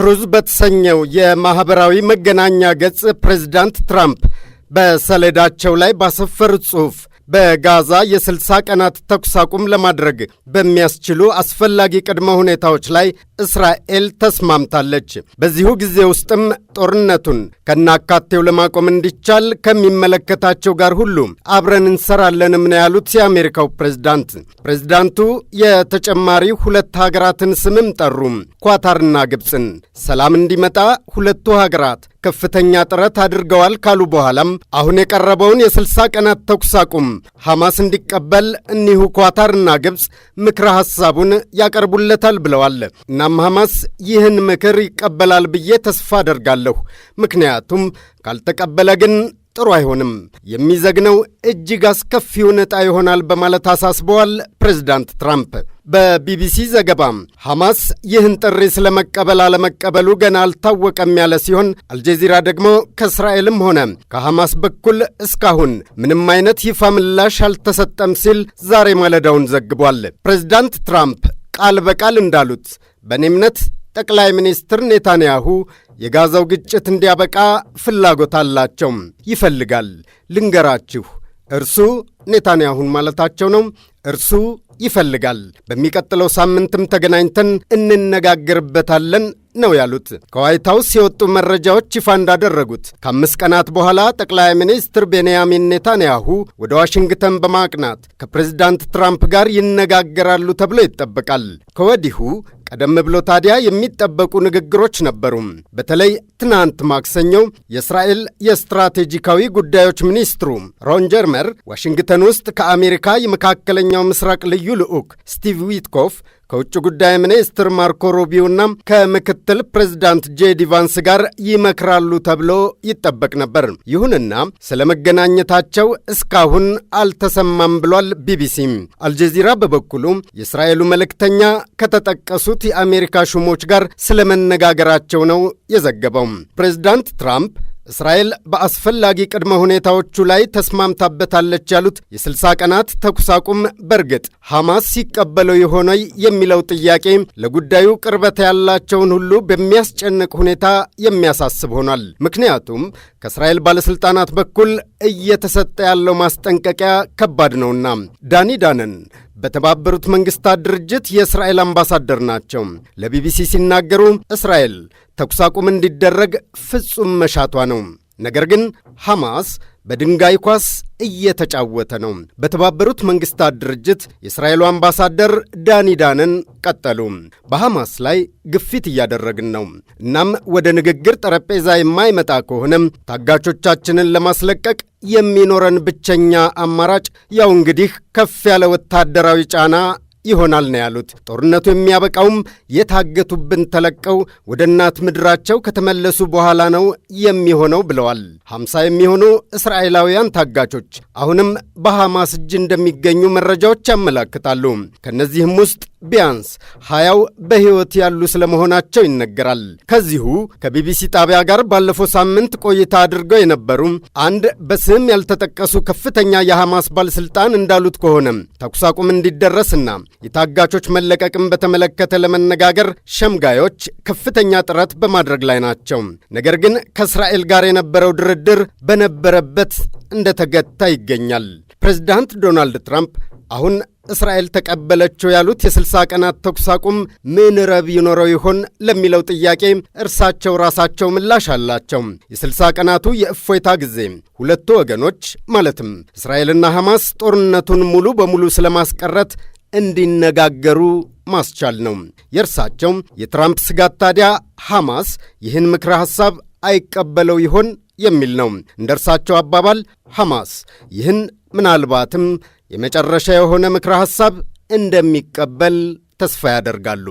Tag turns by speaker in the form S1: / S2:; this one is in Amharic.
S1: ትሩዝ በተሰኘው የማኅበራዊ መገናኛ ገጽ ፕሬዝዳንት ትራምፕ በሰሌዳቸው ላይ ባሰፈሩት ጽሑፍ በጋዛ የ60 ቀናት ተኩስ አቁም ለማድረግ በሚያስችሉ አስፈላጊ ቅድመ ሁኔታዎች ላይ እስራኤል ተስማምታለች። በዚሁ ጊዜ ውስጥም ጦርነቱን ከናካቴው ለማቆም እንዲቻል ከሚመለከታቸው ጋር ሁሉ አብረን እንሰራለንም ነው ያሉት የአሜሪካው ፕሬዝዳንት። ፕሬዝዳንቱ የተጨማሪ ሁለት ሀገራትን ስምም ጠሩ፣ ኳታርና ግብፅን። ሰላም እንዲመጣ ሁለቱ ሀገራት ከፍተኛ ጥረት አድርገዋል ካሉ በኋላም አሁን የቀረበውን የ60 ቀናት ተኩስ አቁም ሐማስ እንዲቀበል እኒሁ ኳታርና ግብፅ ምክረ ሐሳቡን ያቀርቡለታል ብለዋል። እናም ሐማስ ይህን ምክር ይቀበላል ብዬ ተስፋ አደርጋለሁ። ምክንያቱም ካልተቀበለ ግን ጥሩ አይሆንም፣ የሚዘግነው እጅግ አስከፊውን ዕጣ ይሆናል በማለት አሳስበዋል ፕሬዚዳንት ትራምፕ። በቢቢሲ ዘገባ ሐማስ ይህን ጥሪ ስለመቀበል አለመቀበሉ ገና አልታወቀም ያለ ሲሆን አልጀዚራ ደግሞ ከእስራኤልም ሆነ ከሐማስ በኩል እስካሁን ምንም አይነት ይፋ ምላሽ አልተሰጠም ሲል ዛሬ ማለዳውን ዘግቧል። ፕሬዚዳንት ትራምፕ ቃል በቃል እንዳሉት በእኔ እምነት ጠቅላይ ሚኒስትር ኔታንያሁ የጋዛው ግጭት እንዲያበቃ ፍላጎት አላቸው፣ ይፈልጋል። ልንገራችሁ፣ እርሱ ኔታንያሁን ማለታቸው ነው። እርሱ ይፈልጋል። በሚቀጥለው ሳምንትም ተገናኝተን እንነጋገርበታለን ነው ያሉት። ከዋይት ሀውስ የወጡ መረጃዎች ይፋ እንዳደረጉት ከአምስት ቀናት በኋላ ጠቅላይ ሚኒስትር ቤንያሚን ኔታንያሁ ወደ ዋሽንግተን በማቅናት ከፕሬዚዳንት ትራምፕ ጋር ይነጋገራሉ ተብሎ ይጠበቃል። ከወዲሁ ቀደም ብሎ ታዲያ የሚጠበቁ ንግግሮች ነበሩ። በተለይ ትናንት ማክሰኞ የእስራኤል የስትራቴጂካዊ ጉዳዮች ሚኒስትሩ ሮን ጀርመር ዋሽንግተን ውስጥ ከአሜሪካ የመካከለኛው ምስራቅ ልዩ ልዑክ ስቲቭ ዊትኮፍ ከውጭ ጉዳይ ሚኒስትር ማርኮ ሩቢዮና ከምክትል ፕሬዚዳንት ጄዲ ቫንስ ጋር ይመክራሉ ተብሎ ይጠበቅ ነበር። ይሁንና ስለ መገናኘታቸው እስካሁን አልተሰማም ብሏል ቢቢሲ አልጀዚራ በበኩሉ የእስራኤሉ መልእክተኛ ከተጠቀሱት የአሜሪካ ሹሞች ጋር ስለመነጋገራቸው ነው የዘገበው። ፕሬዚዳንት ትራምፕ እስራኤል በአስፈላጊ ቅድመ ሁኔታዎቹ ላይ ተስማምታበታለች ያሉት የስልሳ ቀናት ተኩስ አቁም በእርግጥ ሐማስ ሲቀበለው የሆነ የሚለው ጥያቄ ለጉዳዩ ቅርበት ያላቸውን ሁሉ በሚያስጨንቅ ሁኔታ የሚያሳስብ ሆኗል። ምክንያቱም ከእስራኤል ባለሥልጣናት በኩል እየተሰጠ ያለው ማስጠንቀቂያ ከባድ ነውና ዳኒ ዳነን በተባበሩት መንግስታት ድርጅት የእስራኤል አምባሳደር ናቸው። ለቢቢሲ ሲናገሩ እስራኤል ተኩስ አቁም እንዲደረግ ፍጹም መሻቷ ነው። ነገር ግን ሐማስ በድንጋይ ኳስ እየተጫወተ ነው። በተባበሩት መንግስታት ድርጅት የእስራኤሉ አምባሳደር ዳኒ ዳንን ቀጠሉ። በሐማስ ላይ ግፊት እያደረግን ነው። እናም ወደ ንግግር ጠረጴዛ የማይመጣ ከሆነም ታጋቾቻችንን ለማስለቀቅ የሚኖረን ብቸኛ አማራጭ ያው እንግዲህ ከፍ ያለ ወታደራዊ ጫና ይሆናል ነው ያሉት። ጦርነቱ የሚያበቃውም የታገቱብን ተለቀው ወደ እናት ምድራቸው ከተመለሱ በኋላ ነው የሚሆነው ብለዋል። ሀምሳ የሚሆኑ እስራኤላውያን ታጋቾች አሁንም በሐማስ እጅ እንደሚገኙ መረጃዎች ያመላክታሉ። ከእነዚህም ውስጥ ቢያንስ ሀያው በሕይወት ያሉ ስለመሆናቸው ይነገራል። ከዚሁ ከቢቢሲ ጣቢያ ጋር ባለፈው ሳምንት ቆይታ አድርገው የነበሩ አንድ በስም ያልተጠቀሱ ከፍተኛ የሐማስ ባለሥልጣን እንዳሉት ከሆነ ተኩስ አቁም እንዲደረስና የታጋቾች መለቀቅም በተመለከተ ለመነጋገር ሸምጋዮች ከፍተኛ ጥረት በማድረግ ላይ ናቸው። ነገር ግን ከእስራኤል ጋር የነበረው ድርድር በነበረበት እንደተገታ ይገኛል። ፕሬዚዳንት ዶናልድ ትራምፕ አሁን እስራኤል ተቀበለችው ያሉት የ60 ቀናት ተኩስ አቁም ምን ረብ ይኖረው ይሆን ለሚለው ጥያቄ እርሳቸው ራሳቸው ምላሽ አላቸው። የ60 ቀናቱ የእፎይታ ጊዜ ሁለቱ ወገኖች ማለትም እስራኤልና ሐማስ ጦርነቱን ሙሉ በሙሉ ስለማስቀረት እንዲነጋገሩ ማስቻል ነው። የእርሳቸው የትራምፕ ስጋት ታዲያ ሐማስ ይህን ምክረ ሐሳብ አይቀበለው ይሆን የሚል ነው። እንደ እርሳቸው አባባል ሐማስ ይህን ምናልባትም የመጨረሻ የሆነ ምክረ ሐሳብ እንደሚቀበል ተስፋ ያደርጋሉ።